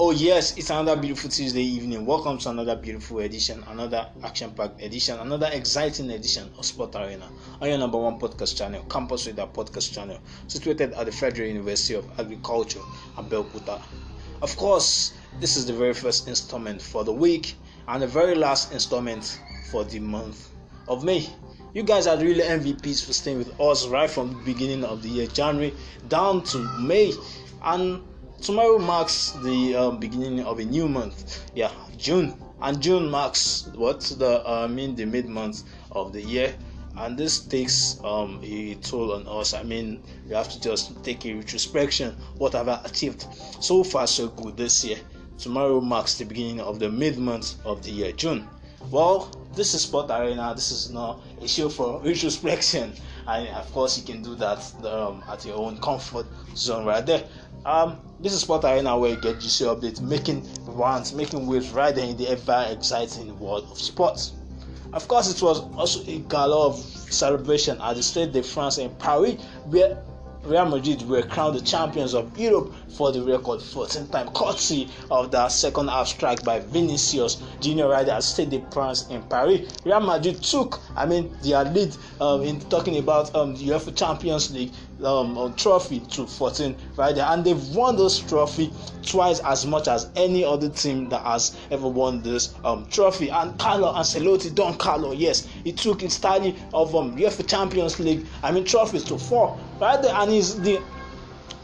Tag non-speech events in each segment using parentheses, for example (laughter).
Oh, yes, it's another beautiful Tuesday evening. Welcome to another beautiful edition, another action packed edition, another exciting edition of Sport Arena on your number one podcast channel, Campus Radar Podcast Channel, situated at the Federal University of Agriculture, Abeokuta. Of course, this is the very first installment for the week and the very last installment for the month of May. You guys are really MVPs for staying with us right from the beginning of the year, January down to May. And tomorrow marks the um, beginning of a new month. Yeah, June, and June marks what the uh, I mean the mid month of the year, and this takes um, a toll on us. I mean, we have to just take a retrospection. What have I achieved so far? So good this year. Tomorrow marks the beginning of the mid month of the year, June. Well, this is Sport Arena. This is not a show for (laughs) retrospection, and of course, you can do that um, at your own comfort zone right there. Um, this is Sport Arena where you get GC updates, making rounds, making waves right there in the ever exciting world of sports. Of course, it was also a gala of celebration at the Stade de France in Paris, where Real Madrid were crowned the champions of Europe for the record 14th time, courtesy of the second half strike by Vinicius Junior right at Stade de France in Paris. Real Madrid took, I mean, their lead um, in talking about um, the UEFA Champions League Um, um, trophy to 14 right there, and they've won this trophy twice as much as any other team that has ever won this um, trophy. And Carlo Ancelotti, Don Carlo, yes, he took his tally of um, UEFA Champions League, I mean trophies to four right there, and he's the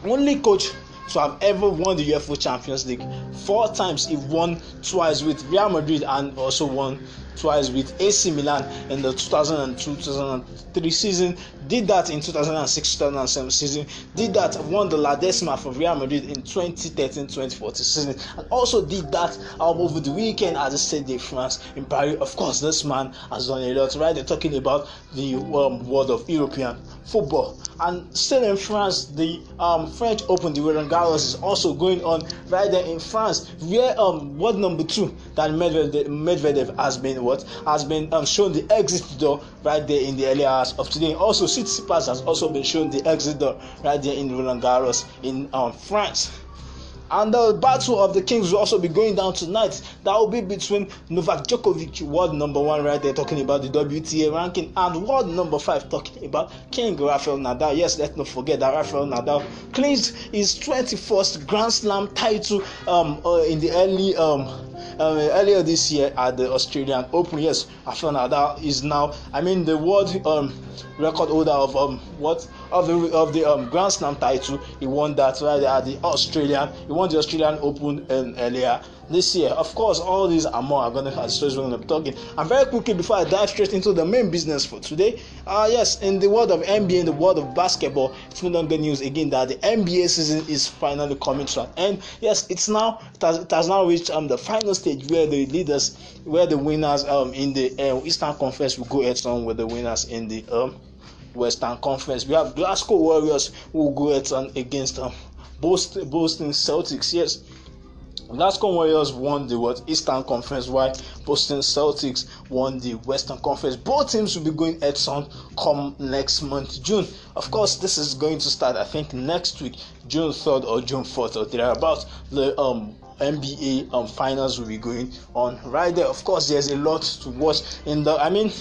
only coach to have ever won the UEFA Champions League. Four times he won twice with Real Madrid and also won twice with AC Milan in the 2002-2003 season. Did that in 2006-2007 season. Did that won the La Decima for Real Madrid in 2013-2014 season. And also did that over the weekend at the Stade de France in Paris. Of course, this man has done a lot. Right? They're talking about the um, world of European football. And still in France, the um, French Open, the Roland Garros, is also going on right there in France, where um, world number two that Medvedev, Medvedev has been what has been um, shown the exit door right there in the early hours of today. Also, Tsitsipas has also been shown the exit door right there in Roland Garros in um, France. And the battle of the Kings will also be going down tonight. That will be between Novak Djokovic, world number one, right there, talking about the WTA ranking, and world number five, talking about King Rafael Nadal. Yes, let's not forget that Rafael Nadal clinched his 21st Grand Slam title um, uh, in the early um, I um, mean, earlier this year at the Australian Open. Yes, I Nadal is now. I mean, the world um, record holder of um, what of the of the um, Grand Slam title. He won that right at the Australian. He won the Australian Open um, earlier this year. Of course, all these are more I'm going to have stories when I'm talking. And very quickly, before I dive straight into the main business for today, uh, yes, in the world of NBA, in the world of basketball, it's no longer news again that the NBA season is finally coming to an end. Yes, it's now it has, it has now reached um the final stage where the leaders, where the winners um in the uh, Eastern Conference will go head on with the winners in the um Western Conference. We have Glasgow Warriors who will go head on against um Boston Celtics. Yes Glasgow Warriors won the what Eastern Conference while posting Celtics won the Western Conference. Both teams will be going head on come next month, June. Of course, this is going to start, I think, next week, June 3rd or June 4th or about The um, NBA um, finals will be going on right there. Of course, there's a lot to watch in the. I mean,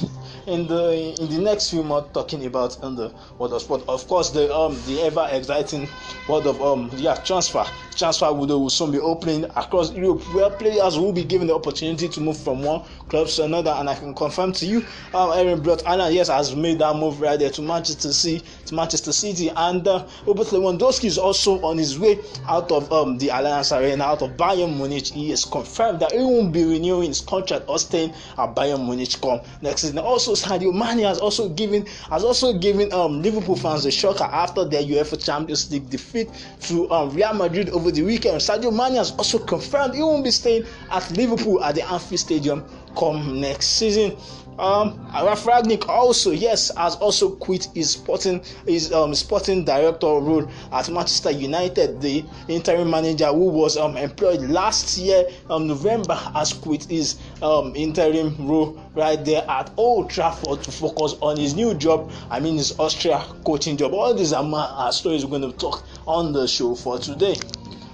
in the in the next few months, talking about in the world of sport. Of course, the um the ever exciting world of um yeah transfer transfer window will soon be opening across Europe, where players will be given the opportunity to move from one club to another and I can confirm to you, um, Aaron Blood. Island, yes, has made that move right there to Manchester City, to Manchester City, and uh, Robert Lewandowski is also on his way out of um, the Alliance Arena, out of Bayern Munich. He has confirmed that he won't be renewing his contract or staying at Bayern Munich come next season. Also, Sadio Mane has also given has also given um, Liverpool fans a shocker after their UEFA Champions League defeat to um, Real Madrid over the weekend. Sadio Mane has also confirmed he won't be staying at Liverpool at the Anfield Stadium come next next season. Um, Ralph Ragnick also, yes, has also quit his sporting his um, sporting director role at Manchester United. The interim manager who was um, employed last year, um, November, has quit his um, interim role right there at Old Trafford to focus on his new job. I mean, his Austria coaching job. All these are, are stories we're going to talk on the show for today.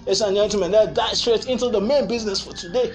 Ladies and gentlemen, let's dive straight into the main business for today.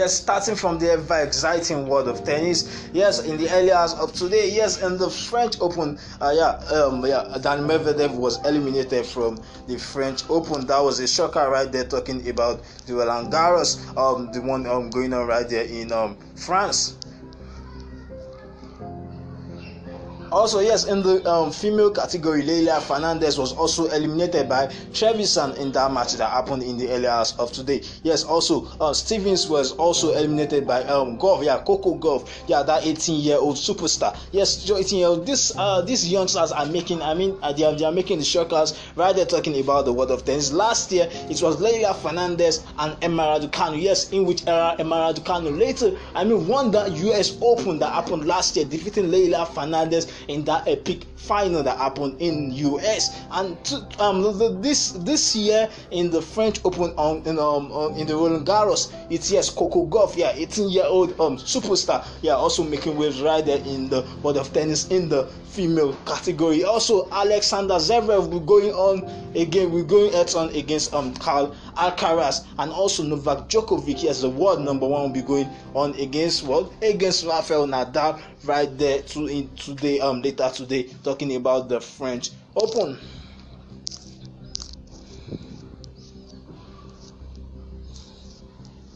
Yes, starting from the ever exciting world of tennis. Yes, in the early hours of today. Yes, in the French Open. Uh, yeah, um, yeah, Dan Medvedev was eliminated from the French Open. That was a shocker right there. Talking about the Roland Garros, um, the one um, going on right there in um, France. Also, yes, in the um, female category, Leila Fernandez was also eliminated by Trevisan in that match that happened in the early hours of today. Yes, also uh, Stevens was also eliminated by um, Gov, yeah, Coco Gov, yeah, that 18-year-old superstar. Yes, 18-year-old. This uh, these youngsters are making. I mean, uh, they are, they are making the shockers right they're talking about the world of tennis. Last year, it was Leila Fernandez and Emma Raducanu. Yes, in which era Emma Raducanu later, I mean, won the U.S. Open that happened last year, defeating Leila Fernandez in that epic final that happened in US and to, um, the, this this year in the French Open on um, in, um, on, uh, in the Roland Garros it's yes Coco Golf yeah 18 year old um superstar yeah also making waves right there in the world of tennis in the female category also Alexander Zverev will going on again we're going head on against um Carl Alcaraz and also Novak Djokovic yes the world number one will be going on against world against Rafael Nadal right there to in today um later today talking about the French. Open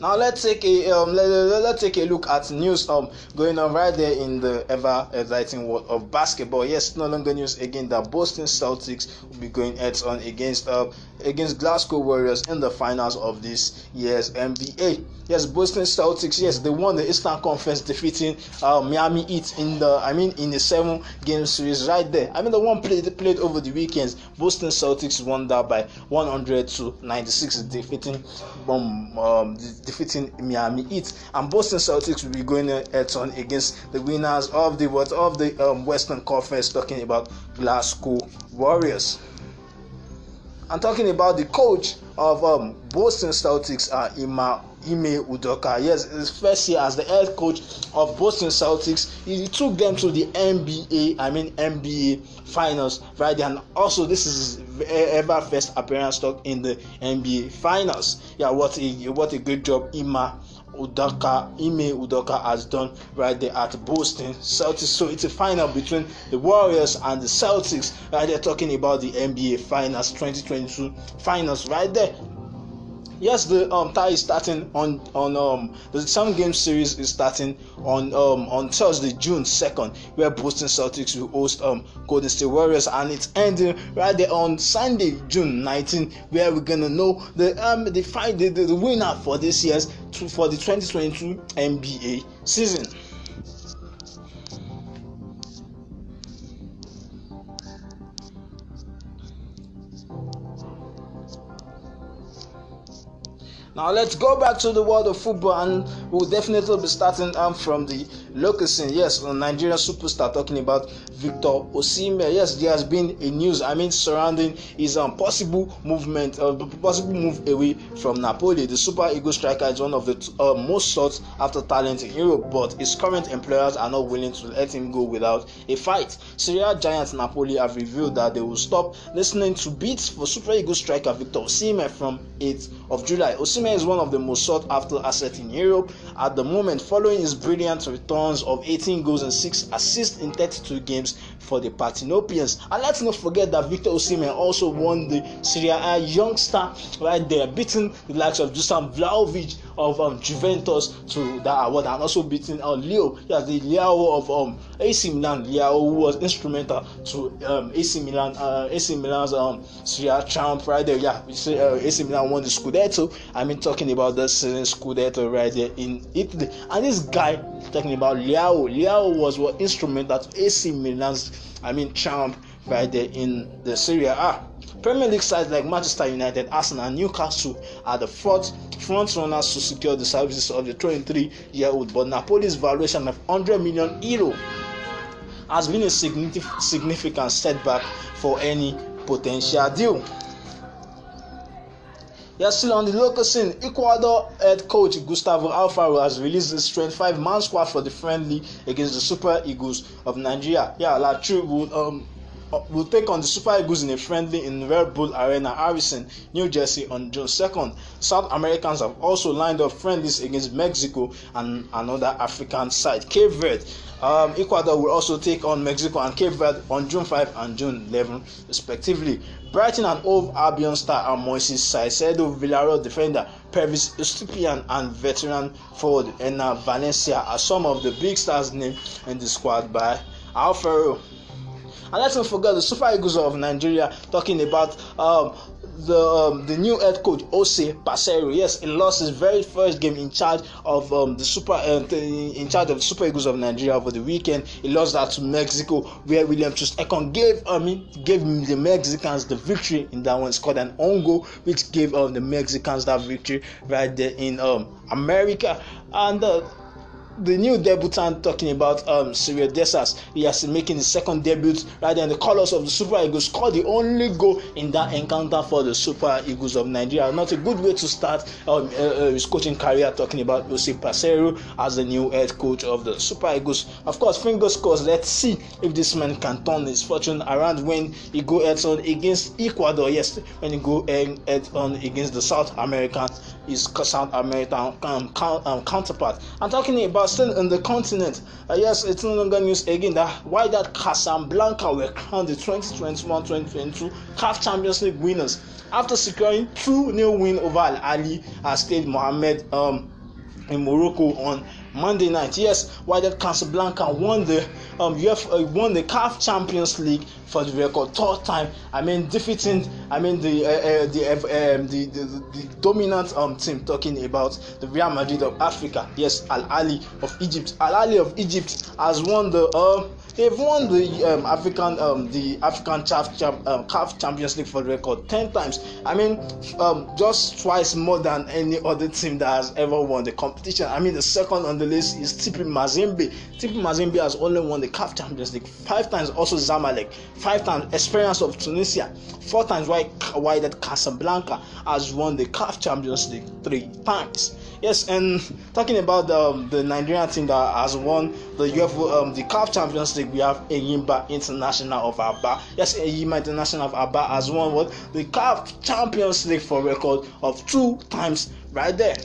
Now let's take a um, let, us take a look at news um going on right there in the ever exciting world of basketball. Yes, no longer news again that Boston Celtics will be going heads on against uh, against Glasgow Warriors in the finals of this year's NBA. Yes, Boston Celtics. Yes, they won the Eastern Conference, defeating uh, Miami Heat in the I mean in the seven game series right there. I mean the one played played over the weekends. Boston Celtics won that by 100 to 96, defeating um, um the, defeating Miami Heat, and Boston Celtics will be going head on against the winners of the what of the um, Western Conference, talking about Glasgow Warriors. I'm talking about the coach of um, Boston Celtics, uh, Ima Ime Udoka. Yes, his first year as the head coach of Boston Celtics, he took them to the NBA. I mean NBA Finals, right? And also, this is his ever first appearance talk in the NBA Finals. Yeah, what a what a good job Ima Udaka, Ime Udaka has done right there at Boston Celtics. So it's a final between the Warriors and the Celtics. Right there, talking about the NBA Finals 2022 Finals right there yes the um tie is starting on on um the seven game series is starting on um on thursday june 2nd where boston celtics will host um golden state warriors and it's ending right there on sunday june 19 where we're gonna know the um the fight the, the, the winner for this year's for the 2022 nba season Now let's go back to the world of football, and we'll definitely be starting um, from the Locusin, yes, a Nigerian superstar talking about Victor Osimhen. Yes, there has been a news, I mean, surrounding his um, possible movement, uh, possible move away from Napoli. The Super Eagle striker is one of the t- uh, most sought after talent in Europe, but his current employers are not willing to let him go without a fight. Syria giants Napoli have revealed that they will stop listening to bids for Super Eagle striker Victor Osimhen from 8th of July. Osimhen is one of the most sought after assets in Europe at the moment, following his brilliant return of 18 goals and 6 assists in 32 games for the Partenopians. And let's not forget that Victor Osimhen also won the Serie A youngster right there, beating the likes of Dusan Vlahovic of um, Juventus to that award, and also beating uh, Leo, yeah, the Leo of um, AC Milan, Leo who was instrumental to um, AC Milan, uh, AC Milan's um, Serie A champ right there. Yeah, see, uh, AC Milan won the Scudetto. I mean, talking about the season Scudetto right there in Italy, and this guy talking about Leo, Leo was what instrumental to AC Milan's I mean, trumped by the in the Serie A. Ah, Premier League sides like Manchester United, Arsenal, and Newcastle are the front front runners to secure the services of the 23-year-old. But Napoli's valuation of 100 million euro has been a significant setback for any potential deal. They still on the local scene. Ecuador head coach Gustavo Alfaro has released his 25 man squad for the friendly against the Super Eagles of Nigeria. Yeah, La Tribune. Um, will take on the Super Eagles in a friendly in Red Bull Arena, Harrison, New Jersey on June 2nd. South Americans have also lined up friendlies against Mexico and another African side, Cape Verde. Um, Ecuador will also take on Mexico and Cape Verde on June 5 and June 11, respectively. Brighton and Hove Albion star and Moises Saicedo, Villarreal defender Pervis Estupian and veteran forward Enna Valencia are some of the big stars named in the squad by Alfaro. And let's not forget the Super Eagles of Nigeria talking about um, the um, the new head coach Ose Pasero. Yes, he lost his very first game in charge of um, the Super uh, in charge of the Super Eagles of Nigeria over the weekend. He lost that to Mexico, where William Chusekon gave I mean, gave the Mexicans the victory in that one. Scored an own goal, which gave um, the Mexicans that victory right there in um, America. And uh, the new debutant talking about um Syria Dessas. He has making his second debut right than the colours of the Super Eagles. Scored the only goal in that encounter for the Super Eagles of Nigeria. Not a good way to start um, uh, uh his coaching career. Talking about Jose Pasero as the new head coach of the Super Eagles. Of course, fingers crossed. Let's see if this man can turn his fortune around when he go head on against Ecuador. Yes, when he go head on against the South American, his South American um, um counterpart. I'm talking about are still in the continent, uh, yes, it's no longer news again that why that Casablanca were crowned the 2021-2022 CAF Champions League winners after securing two new wins over Al Ali at Stade Mohamed um, in Morocco on Monday night. Yes, why that Casablanca won the um, UEFA uh, won the CAF Champions League for the record third time. I mean defeating I mean the uh, uh, the, uh, um, the, the, the dominant um, team talking about the Real Madrid of Africa. Yes, Al Ali of Egypt. Al Ali of Egypt has won the. Uh, They've won the um, African um, the African CAF, um, Champions League for the record ten times. I mean, um, just twice more than any other team that has ever won the competition. I mean, the second on the list is Tipi Mazembe. Tipi Mazembe has only won the Cup Champions League five times. Also Zamalek five times. Experience of Tunisia four times. Why why that Casablanca has won the Cup Champions League three times. Yes, and talking about the, um, the Nigerian team that has won the UEFA um, the CAF Champions League we have Eyimba International of Aba. Yes, Eyimba International of Aba has won what the CAF Champions League for record of two times right there.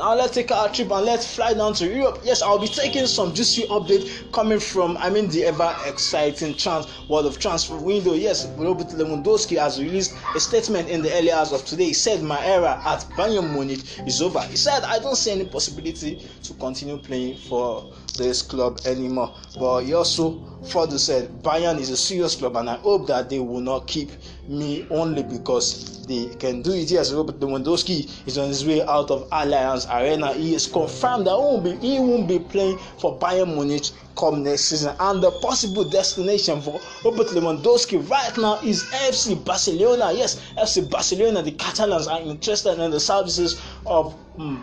Now let's take our trip and let's fly down to Europe. Yes, I'll be taking some juicy update coming from, I mean, the ever exciting trans world of transfer window. Yes, Robert Lewandowski has released a statement in the early hours of today. He said, "My era at Bayern Munich is over." He said, "I don't see any possibility to continue playing for." this club anymore. But he also further said Bayern is a serious club, and I hope that they will not keep me only because they can do it. As Robert Lewandowski is on his way out of Alliance Arena. He is confirmed that he won't be, he won't be playing for Bayern Munich come next season. And the possible destination for Robert Lewandowski right now is FC Barcelona. Yes, FC Barcelona. The Catalans are interested in the services of hmm,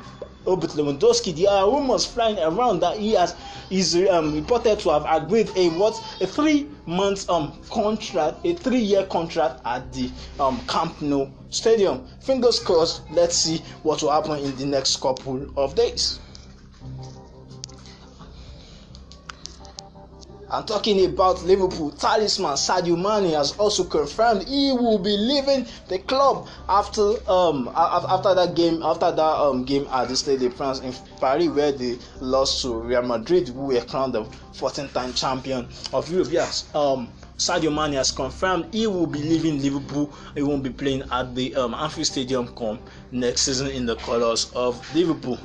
Robert Lewandowski. There are rumors flying around that he has is um, reported to have agreed a what a three month um contract, a three year contract at the um Camp Nou stadium. Fingers crossed. Let's see what will happen in the next couple of days. And talking about Liverpool, talisman Sadio Mane has also confirmed he will be leaving the club after um after that game after that um game at the Stade de France in Paris where they lost to Real Madrid, who were crowned the 14-time champion of Europe. Yes, um Sadio Mane has confirmed he will be leaving Liverpool. He won't be playing at the um, Anfield Stadium come next season in the colours of Liverpool.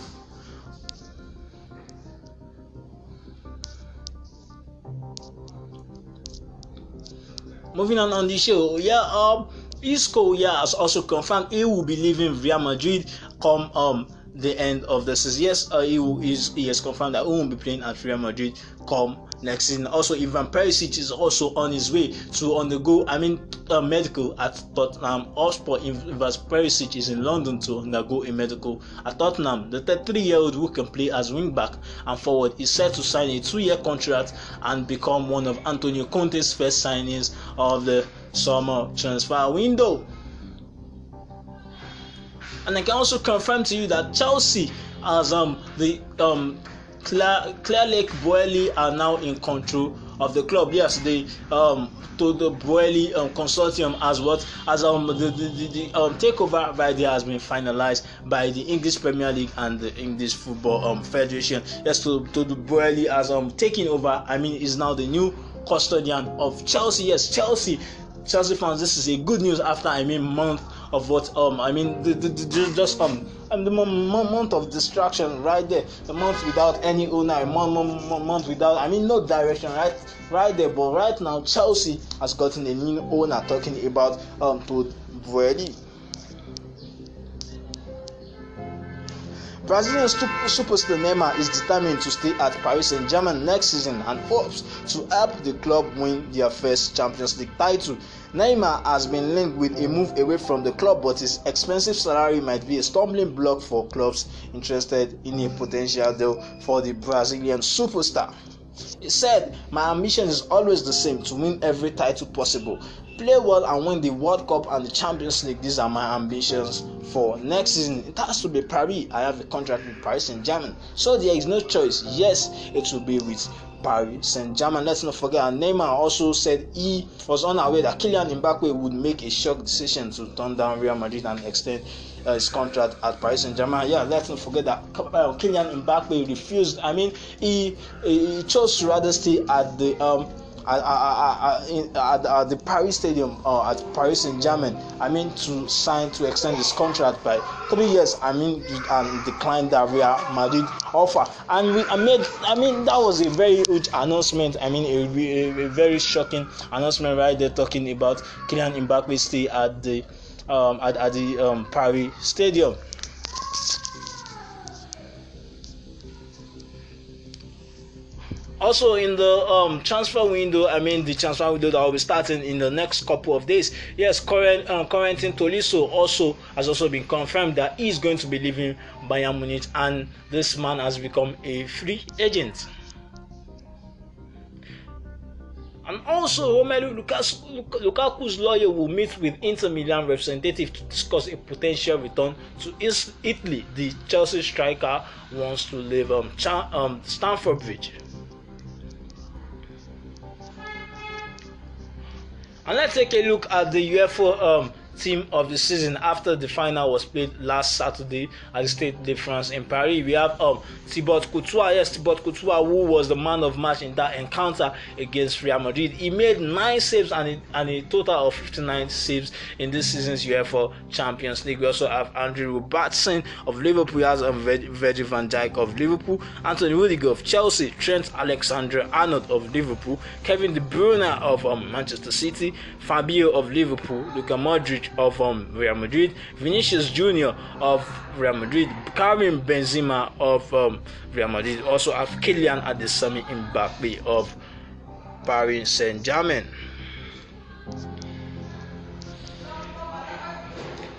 Moving on on the show, yeah, um, Isco, yeah, has also confirmed he will be leaving Real Madrid come um the end of the season. Yes, uh, he, is, he has confirmed that he won't be playing at Real Madrid come next season. Also, Ivan Perisic is also on his way to undergo, I mean, a medical at Tottenham Hotspur. Ivan Perisic is in London to undergo a medical at Tottenham. The 33-year-old who can play as wing-back and forward is set to sign a two-year contract and become one of Antonio Conte's first signings of the summer transfer window. And I can also confirm to you that Chelsea, as um the um Claire, Claire Lake Boyle are now in control of the club. Yes, the um to the Boyle um, consortium as what as um the the, the, the um, takeover by has been finalized by the English Premier League and the English Football um, Federation. Yes, to to the Boyle as um taking over. I mean, is now the new custodian of Chelsea. Yes, Chelsea. Chelsea fans, this is a good news after I mean month of what um I mean the, the, the just um and um, the month of distraction right there the month without any owner a month, month, month without i mean no direction right right there but right now chelsea has gotten a new owner talking about um to Brady. Brazilian superstar Neymar is determined to stay at Paris Saint-Germain next season and hopes to help the club win their first Champions League title Neymar has been linked with a move away from the club, but his expensive salary might be a stumbling block for clubs interested in a potential deal for the Brazilian superstar. He said, My ambition is always the same to win every title possible. Play well and win the World Cup and the Champions League. These are my ambitions for next season. It has to be Paris. I have a contract with Paris in Germany. So there is no choice. Yes, it will be with Paris Saint-Germain. Let's not forget, and Neymar also said he was unaware that Kylian Mbappe would make a shock decision to turn down Real Madrid and extend uh, his contract at Paris Saint-Germain. Yeah, let's not forget that uh, Kylian Mbappe refused. I mean, he, he chose to rather stay at the um, at, at, at, at, the Paris Stadium or uh, at Paris Saint Germain. I mean, to sign to extend his contract by three years. I mean, and um, declined the Real Madrid offer. And we made, I mean, that was a very huge announcement. I mean, a, a, a very shocking announcement right there, talking about Kylian Mbappe stay at the um, at, at the um, Paris Stadium. also in the um, transfer window, I mean the transfer window that will be starting in the next couple of days. Yes, current current Corentin um, Tolisso also has also been confirmed that he is going to be leaving Bayern Munich, and this man has become a free agent. And also, Romelu Lukaku's lawyer will meet with Inter Milan representative to discuss a potential return to Italy. The Chelsea striker wants to leave um, um Stamford Bridge. And let's take a look at the UFO um, team of the season after the final was played last Saturday at the Stade de France in Paris. We have um, Thibaut Courtois, yes, Thibaut Courtois, who was the man of match in that encounter against Real Madrid. He made nine saves and a, and a total of 59 saves in this season's UEFA Champions League. We also have Andrew Robertson of Liverpool, he has um, Virgil van Dijk of Liverpool, Anthony Rudiger of Chelsea, Trent Alexander-Arnold of Liverpool, Kevin De Bruyne of um, Manchester City, Fabio of Liverpool, Luka Modric Modric of um, Real Madrid, Vinicius Junior of Real Madrid, Karim Benzema of um, Real Madrid, also have Kylian Adesami Mbappe of Paris Saint Germain.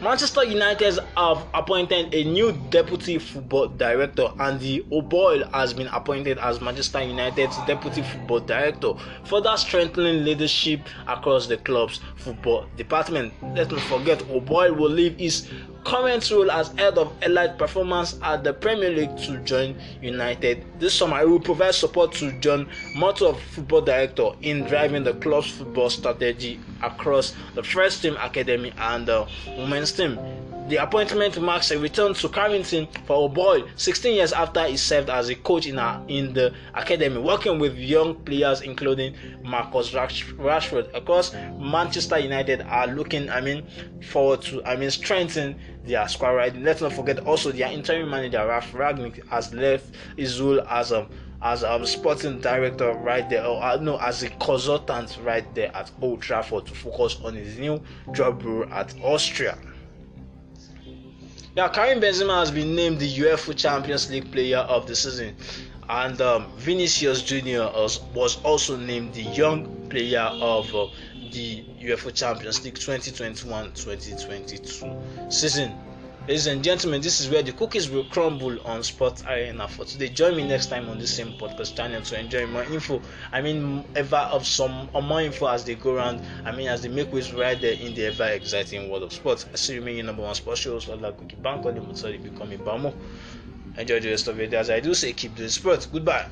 Manchester United have appointed a new deputy football director, and the O'Boyle has been appointed as Manchester United's deputy football director, further strengthening leadership across the club's football department. Let's not forget, O'Boyle will leave his current role as head of elite performance at the Premier League to join United. This summer, he will provide support to John Motto, football director, in driving the club's football strategy across the first team academy and the women's team. The appointment marks a return to Carrington for a boy 16 years after he served as a coach in, in the academy, working with young players including Marcus Rashford. Of course, Manchester United are looking, I mean, forward to, I mean, strengthen their squad. Right? Let's not forget also their interim manager Ralph Ragnick has left his role as a as a sporting director right there, or uh, no, as a consultant right there at Old Trafford to focus on his new job role at Austria. Yeah, Karim Benzema has been named the UEFA Champions League Player of the Season, and um, Vinicius Junior was also named the Young Player of uh, the UEFA Champions League 2021-2022 season. Ladies and gentlemen, this is where the cookies will crumble on Sports Arena for today. Join me next time on the same podcast channel to enjoy more info. I mean, ever of some or more info as they go around. I mean, as they make ways right there in the ever exciting world of sports. I see you making number one sports shows for like Cookie Bank or the Mutsari becoming Bamo. Enjoy the rest of your day. As I do say, keep doing sports. Goodbye.